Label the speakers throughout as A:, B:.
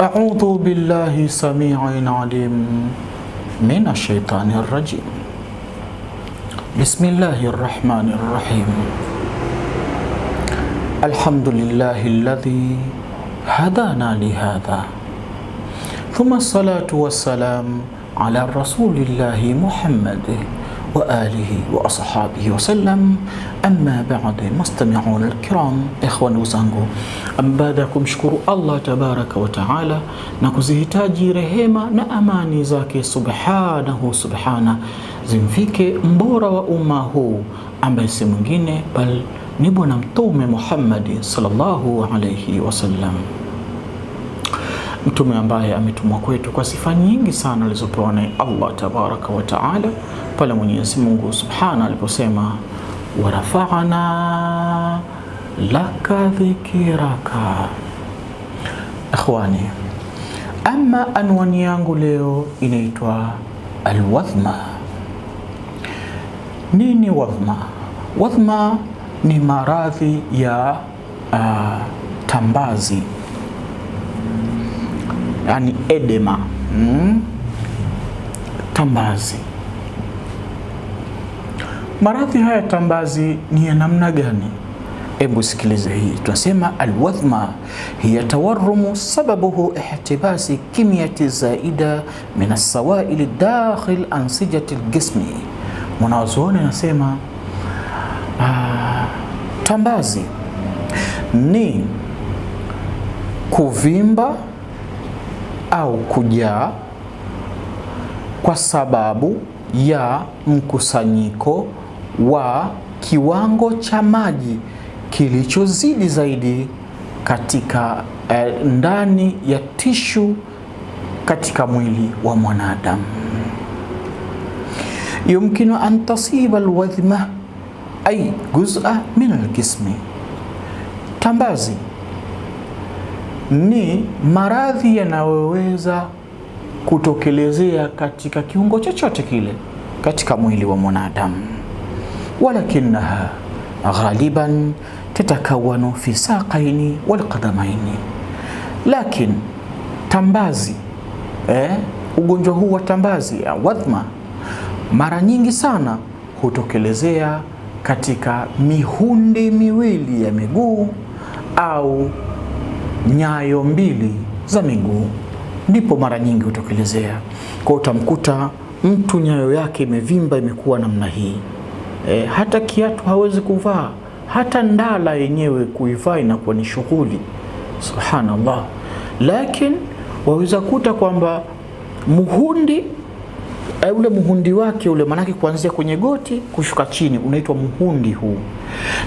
A: أعوذ بالله سميع عليم من الشيطان الرجيم بسم الله الرحمن الرحيم الحمد لله الذي هدانا لهذا ثم الصلاة والسلام على رسول الله محمد وآله وأصحابه وسلم أما بعد مستمعون الكرام إخوان وزنغو أم بعدكم شكر الله تبارك وتعالى نكوزه تاجي رهيما نأماني زاكي سبحانه سبحانه زنفيك مبورة وأمه أم بل ni Bwana Mtume Muhammadi sallallahu alaihi wasallam, mtume ambaye ametumwa kwetu kwa sifa nyingi sana alizopewa na Allah tabaraka wa taala, pale Mwenyezi Mungu subhana aliposema warafa'na laka dhikiraka. Ikhwani, ama anwani yangu leo inaitwa alwadhma. Nini wadhma? Wadhma ni maradhi ya uh, tambazi yani edema mm? Tambazi. Maradhi haya tambazi ni ya namna gani? Hebu sikilize hii, tunasema alwadhma hiya tawarrumu sababuhu ihtibasi kimyati zaida min alsawaili dakhil ansijati ljismi. Mwanazuoni anasema Ah, tambazi ni kuvimba au kujaa kwa sababu ya mkusanyiko wa kiwango cha maji kilichozidi zaidi katika eh, ndani ya tishu katika mwili wa mwanadamu. yumkinu an tasiba alwadhma ai juz'a min alqismi. Tambazi ni maradhi yanayoweza kutokelezea katika kiungo chochote kile katika mwili wa mwanadamu, walakinaha ghaliban tatakawanu fi saqaini walqadamaini, lakin tambazi eh, ugonjwa huu wa tambazi ya wadhma mara nyingi sana hutokelezea katika mihundi miwili ya miguu au nyayo mbili za miguu, ndipo mara nyingi hutokelezea. Kwa utamkuta mtu nyayo yake imevimba, imekuwa namna hii e, hata kiatu hawezi kuvaa, hata ndala yenyewe kuivaa inakuwa ni shughuli. Subhanallah, lakini waweza kuta kwamba muhundi e, ule muhundi wake ule, manake kuanzia kwenye goti kushuka chini unaitwa muhundi huu,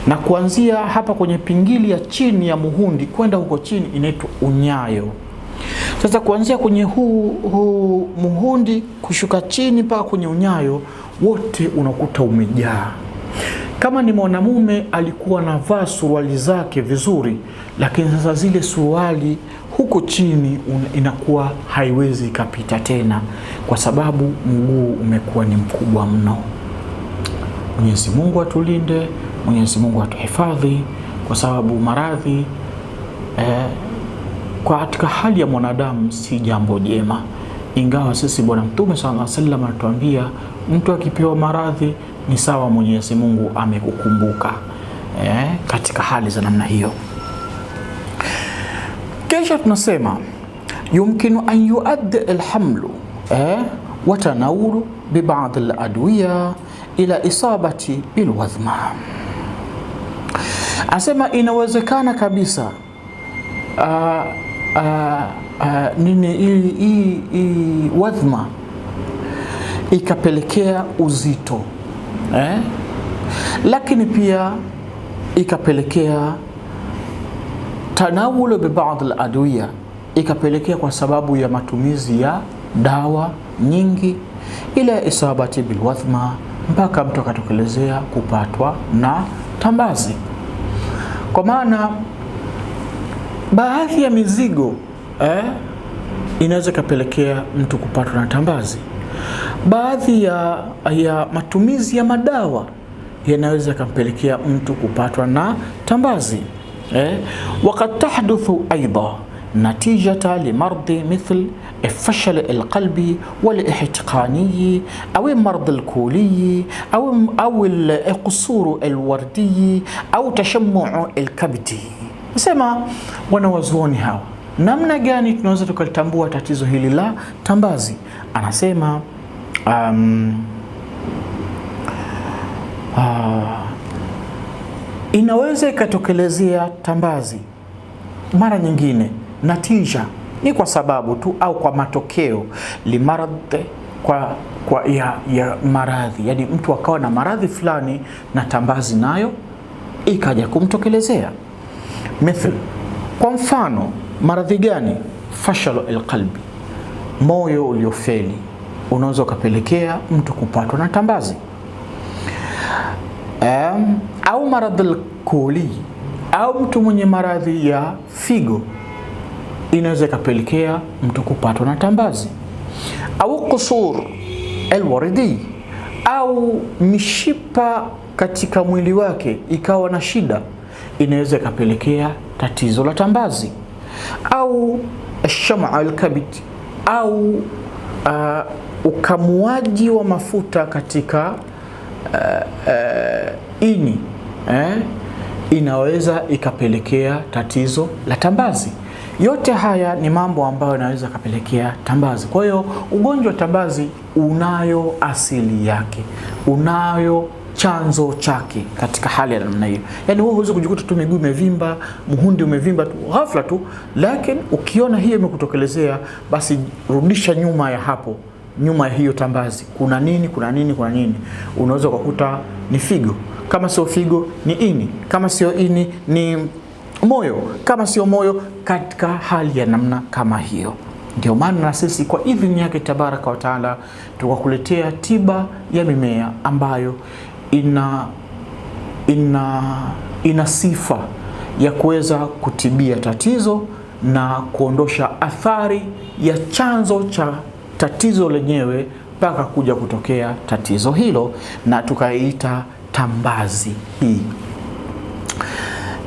A: na kuanzia hapa kwenye pingili ya chini ya muhundi kwenda huko chini inaitwa unyayo. Sasa kuanzia kwenye huu, huu muhundi kushuka chini mpaka kwenye unyayo wote unakuta umejaa. Kama ni mwanamume alikuwa anavaa suruali zake vizuri, lakini sasa zile suruali huko chini inakuwa haiwezi ikapita tena, kwa sababu mguu umekuwa ni mkubwa mno. Mwenyezi Mungu atulinde, Mwenyezi Mungu atuhifadhi, kwa sababu maradhi eh, kwa katika hali ya mwanadamu si jambo jema, ingawa sisi Bwana Mtume sallallahu alaihi wasallam anatuambia mtu akipewa maradhi ni sawa Mwenyezi Mungu amekukumbuka eh, katika hali za namna hiyo. Kisha tunasema yumkinu an yuaddi alhamlu eh, wa tanawulu bi ba'd aladwiya ila isabati bilwadhma. Asema inawezekana kabisa uh, uh, uh, nini hii wadhma ikapelekea uzito eh, lakini pia ikapelekea tanawulu bibadhi ladwiya ikapelekea kwa sababu ya matumizi ya dawa nyingi ila isabati bilwathma mpaka mtu akatokelezea kupatwa na tambazi. Kwa maana baadhi ya mizigo eh, inaweza ikapelekea mtu kupatwa na tambazi. Baadhi ya, ya matumizi ya madawa yanaweza yakampelekea mtu kupatwa na tambazi eh, wakad tahduthu aidha natijata limardi mithl ifashal alqalbi walihtiqaniyi au mardi alkuliyi au alqusuru alwardiyi au tashammuu alkabdi. Nasema wanawazuoni hawa, namna gani tunaweza tukalitambua tatizo hili la tambazi? Anasema um, uh, inaweza ikatokelezea tambazi mara nyingine, natija ni kwa sababu tu au kwa matokeo limaradhi kwa, kwa ya, ya maradhi, yani mtu akawa na maradhi fulani na tambazi nayo ikaja kumtokelezea. mithl. kwa mfano, maradhi gani? Fashalo alqalbi, moyo uliofeli unaweza ukapelekea mtu kupatwa na tambazi um, au maradhi kuli au mtu mwenye maradhi ya figo inaweza ikapelekea mtu kupatwa na tambazi, au kusur alwaridi au mishipa katika mwili wake ikawa na shida, inaweza ikapelekea tatizo la tambazi, au shama alkabit au uh, ukamuaji wa mafuta katika uh, uh, ini eh, inaweza ikapelekea tatizo la tambazi. Yote haya ni mambo ambayo yanaweza kapelekea tambazi. Kwa hiyo ugonjwa wa tambazi unayo asili yake, unayo chanzo chake katika hali ya namna hiyo. Yaani wewe huwezi kujikuta tu miguu imevimba, muhundi umevimba tu ghafla tu, lakini ukiona hiyo imekutokelezea basi rudisha nyuma ya hapo, nyuma ya hiyo tambazi. Kuna nini? Kuna nini? Kuna nini? Unaweza ukakuta ni figo kama sio figo ni ini, kama sio ini ni moyo, kama sio moyo, katika hali ya namna kama hiyo. Ndio maana na sisi kwa idhini yake tabaraka wa taala tukakuletea tiba ya mimea ambayo ina, ina, ina sifa ya kuweza kutibia tatizo na kuondosha athari ya chanzo cha tatizo lenyewe mpaka kuja kutokea tatizo hilo, na tukaiita tambazi hii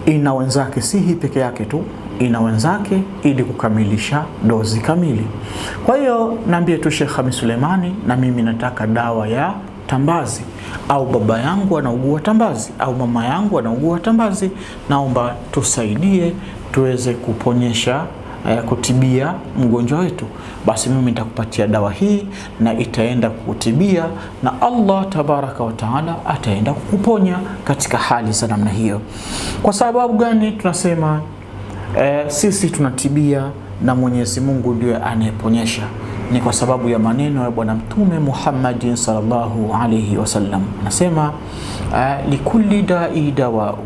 A: ina wenzake, si hii peke yake tu, ina wenzake ili kukamilisha dozi kamili. Kwa hiyo naambie tu Sheikh hamis Sulemani, na mimi nataka dawa ya tambazi, au baba yangu anaugua tambazi, au mama yangu anaugua tambazi, naomba tusaidie tuweze kuponyesha ya kutibia mgonjwa wetu, basi mimi nitakupatia dawa hii na itaenda kukutibia na Allah tabaraka wa taala ataenda kukuponya katika hali za namna hiyo. Kwa sababu gani tunasema eh, sisi tunatibia na Mwenyezi Mungu ndiye anayeponyesha? Ni kwa sababu ya maneno ya Bwana Mtume Muhammadin sallallahu alayhi wasallam, anasema eh, likulli dai dawau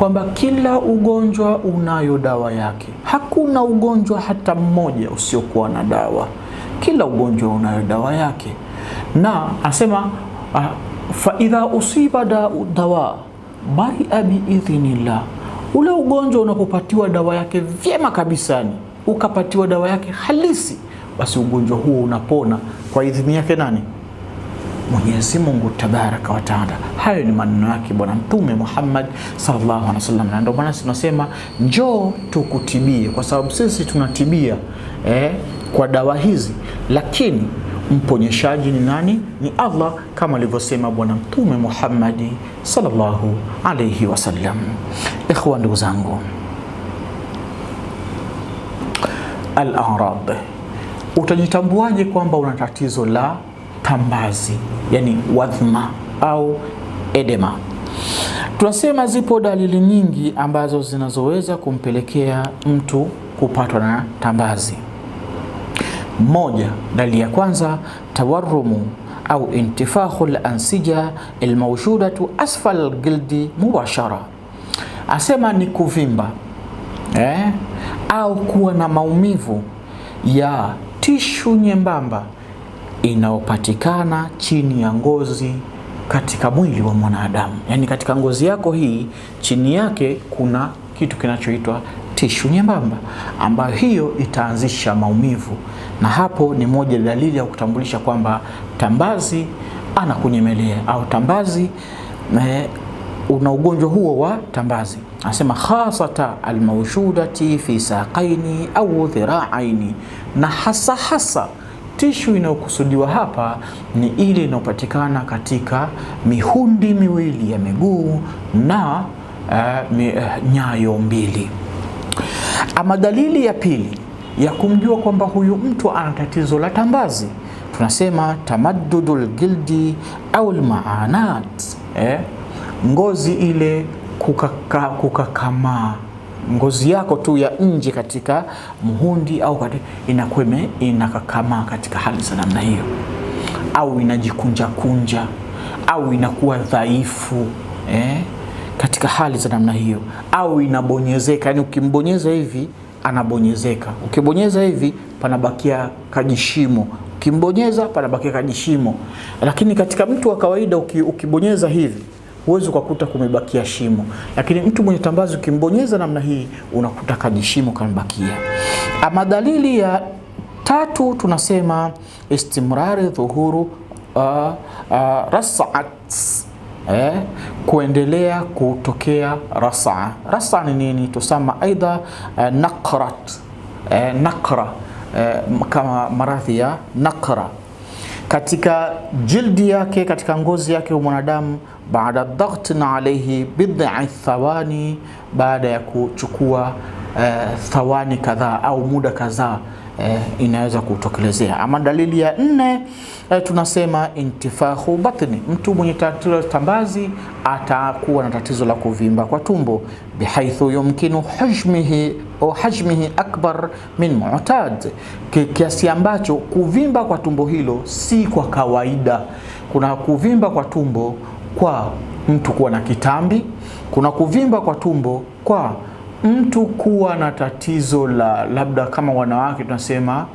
A: kwamba kila ugonjwa unayo dawa yake. Hakuna ugonjwa hata mmoja usiokuwa na dawa, kila ugonjwa unayo dawa yake. Na anasema uh, ah, fa idha usiba dawa abi biidhnillah, ule ugonjwa unapopatiwa dawa yake vyema kabisani, ukapatiwa dawa yake halisi, basi ugonjwa huo unapona kwa idhini yake nani? Mwenyezi Mungu tabaraka wa taala. Hayo ni maneno yake Bwana Mtume Muhammad sallallahu alaihi wasallam, na ndio maana tunasema njoo tukutibie, kwa sababu sisi tunatibia eh, kwa dawa hizi, lakini mponyeshaji ni nani? Ni Allah, kama alivyosema Bwana Mtume Muhammadi sallallahu alaihi wasallam. Ikhwa, ndugu zangu, al-a'rad, utajitambuaje kwamba una tatizo la tambazi, yani wadhma au edema. Tunasema zipo dalili nyingi ambazo zinazoweza kumpelekea mtu kupatwa na tambazi. Moja, dalili ya kwanza tawarumu au intifahu lansija almawjudatu asfal gildi mubashara, asema ni kuvimba eh, au kuwa na maumivu ya tishu nyembamba inayopatikana chini ya ngozi katika mwili wa mwanadamu. Yaani katika ngozi yako hii chini yake kuna kitu kinachoitwa tishu nyembamba ambayo hiyo itaanzisha maumivu, na hapo ni moja dalili ya kutambulisha kwamba tambazi anakunyemelea au tambazi me, eh, una ugonjwa huo wa tambazi. Anasema khasata almawjudati fi saqaini au dhiraaini, na hasa hasa tishu inayokusudiwa hapa ni ile inayopatikana katika mihundi miwili ya miguu na uh, mi, uh, nyayo mbili. Ama dalili ya pili ya kumjua kwamba huyu mtu ana tatizo la tambazi tunasema tamaddudul gildi au almaanat eh, ngozi ile kukakamaa kuka ngozi yako tu ya nje katika mhundi au katika, inakakama inakakamaa katika hali za namna hiyo, au inajikunja kunja au inakuwa dhaifu eh, katika hali za namna hiyo, au inabonyezeka, yani ukimbonyeza hivi anabonyezeka, ukibonyeza hivi panabakia kajishimo ukimbonyeza panabakia kajishimo. Lakini katika mtu wa kawaida ukibonyeza hivi huwezi ukakuta kumebakia shimo, lakini mtu mwenye tambazi ukimbonyeza namna hii unakuta kajishimo kamebakia. Ama dalili ya tatu tunasema istimrari dhuhuru uh, uh, rasaat Eh, kuendelea kutokea rasaa. Rasaa ni nini? Tusama aidha uh, e, naqrat eh, naqra eh, kama maradhi ya naqra katika jildi yake, katika ngozi yake mwanadamu baada dhagtin alaihi bid'i thawani, baada ya kuchukua uh, thawani kadhaa au muda kadhaa uh, eh, inaweza kutokelezea. Ama dalili ya nne uh, tunasema intifahu batni, mtu mwenye tatizo la tambazi atakuwa na tatizo la kuvimba kwa tumbo, bihaithu yumkinu hajmihi au hajmihi akbar min mu'tad, kiasi ambacho kuvimba kwa tumbo hilo si kwa kawaida. Kuna kuvimba kwa tumbo kwa mtu kuwa na kitambi, kuna kuvimba kwa tumbo kwa mtu kuwa na tatizo la labda kama wanawake tunasema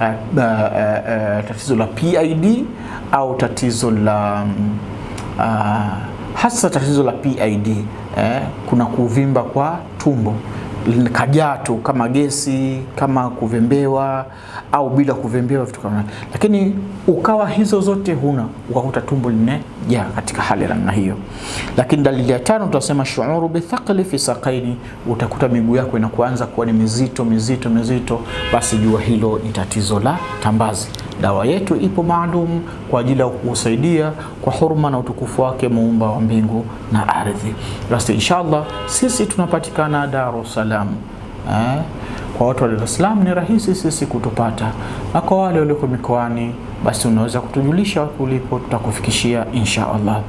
A: uh, uh, uh, tatizo la PID au tatizo la uh, hasa tatizo la PID eh, kuna kuvimba kwa tumbo kajaa tu kama gesi kama kuvembewa au bila kuvembewa, vitu kama lakini ukawa hizo zote huna, ukakuta tumbo limejaa katika hali namna hiyo. Lakini dalili ya tano tutasema shuuru bithaqli fi saqaini, utakuta miguu yako inakuanza kuwa ni mizito mizito mizito, basi jua hilo ni tatizo la tambazi. Dawa yetu ipo maalum kwa ajili ya kukusaidia kwa huruma na utukufu wake muumba wa mbingu na ardhi. Basi inshallah sisi tunapatikana Dar es Salaam eh? Kwa watu wa Dar es Salaam ni rahisi sisi kutupata, na kwa wale walioko mikoani, basi unaweza kutujulisha ulipo, tutakufikishia inshallah.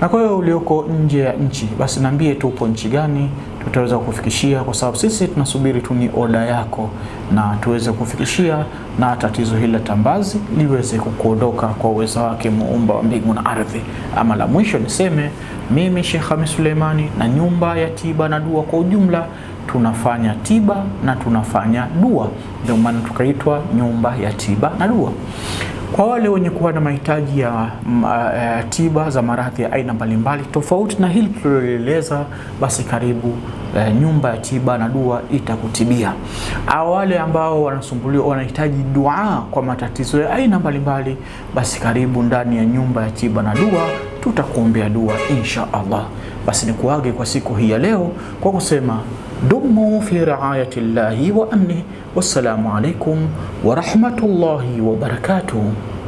A: Na kwa hiyo ulioko nje ya nchi, basi niambie tu upo nchi gani? tutaweza kufikishia, kwa sababu sisi tunasubiri tu ni oda yako, na tuweze kufikishia na tatizo hili la tambazi liweze kukuondoka kwa uwezo wake muumba wa mbingu na ardhi. Ama la mwisho niseme mimi Sheikh hamis Suleimani na nyumba ya tiba na dua kwa ujumla tunafanya tiba na tunafanya dua, ndio maana tukaitwa nyumba ya tiba na dua. Kwa wale wenye kuwa na mahitaji ya uh, tiba za maradhi ya aina mbalimbali tofauti na hili tuliloleleza, basi karibu uh, nyumba ya tiba na dua itakutibia. Au wale ambao wanasumbuliwa wanahitaji dua kwa matatizo ya aina mbalimbali, basi karibu ndani ya nyumba ya tiba na dua tutakuombea dua insha Allah. Basi nikuage kwa siku hii ya leo kwa kusema دموا في رعاية الله وأمنه والسلام عليكم ورحمة الله وبركاته